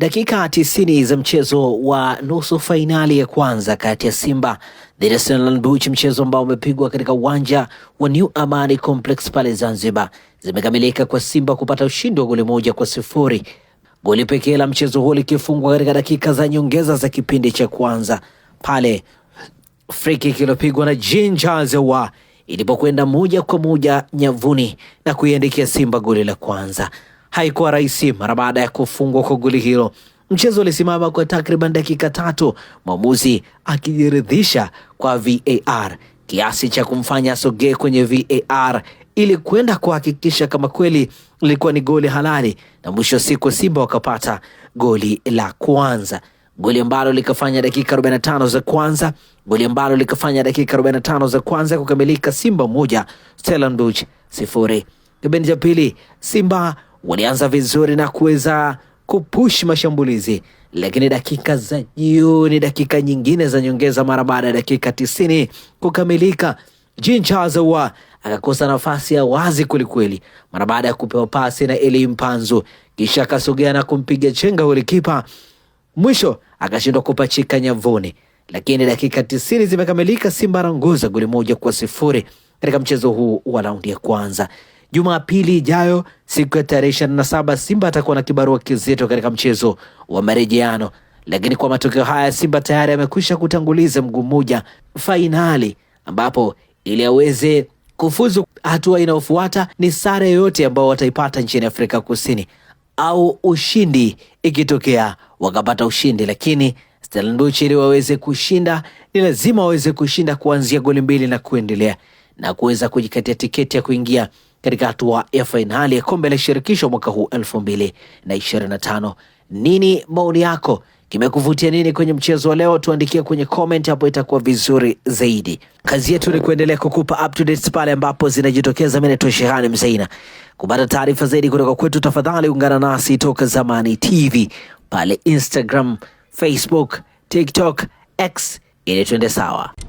Dakika tisini za mchezo wa nusu fainali ya kwanza kati ya Simba dhidi ya Stellenbosch, mchezo ambao umepigwa katika uwanja wa New Amani Complex pale Zanzibar, zimekamilika kwa Simba kupata ushindi wa goli moja kwa sifuri, goli pekee la mchezo huo likifungwa katika dakika za nyongeza za kipindi cha kwanza pale friki iliyopigwa na Jean Ahoua ilipokwenda moja kwa moja nyavuni na kuiandikia Simba goli la kwanza haikuwa rahisi mara baada ya kufungwa kwa goli hilo. Mchezo ulisimama kwa takriban dakika tatu, mwamuzi akijiridhisha kwa VAR kiasi cha kumfanya asogee kwenye VAR ili kwenda kuhakikisha kama kweli lilikuwa ni goli halali, na mwisho wa siku Simba wakapata goli la kwanza, goli ambalo likafanya dakika 45 za kwanza, goli ambalo likafanya dakika 45 za kwanza kukamilika, Simba moja Stellenbosch sifuri. Kipindi cha pili Simba walianza vizuri na kuweza kupush mashambulizi, lakini dakika za jioni, dakika nyingine za nyongeza, mara baada ya dakika tisini kukamilika, Jincha akakosa nafasi ya wazi kwelikweli, mara baada ya kupewa pasi na Eli Mpanzu, kisha akasogea na kumpiga chenga golikipa, mwisho akashindwa kupachika nyavuni. Lakini dakika tisini zimekamilika, Simba ranguza goli moja kwa sifuri katika mchezo huu wa raundi ya kwanza. Jumapili ijayo siku ya tarehe 27 Simba atakuwa na kibarua kizito katika mchezo wa marejeano, lakini kwa matokeo haya Simba tayari amekwisha kutanguliza mguu mmoja fainali, ambapo ili aweze kufuzu hatua inayofuata ni sare yoyote ambao wataipata nchini Afrika Kusini au ushindi, ikitokea wakapata ushindi, lakini Stellenbosch ili waweze kushinda ni lazima waweze kushinda kuanzia goli mbili na kuendelea na kuweza kujikatia tiketi ya kuingia katika hatua ya fainali ya kombe la shirikisho mwaka huu 2025. Nini maoni yako? Kimekuvutia nini kwenye mchezo wa leo? Tuandikie kwenye comment hapo, itakuwa vizuri zaidi. Kazi yetu ni kuendelea kukupa up to date pale ambapo zinajitokeza. Mimi naitwa Shehani Mzeina. Kupata taarifa zaidi kutoka kwetu, tafadhali ungana nasi Toka Zamani TV pale Instagram, Facebook, TikTok, X ili tuende sawa.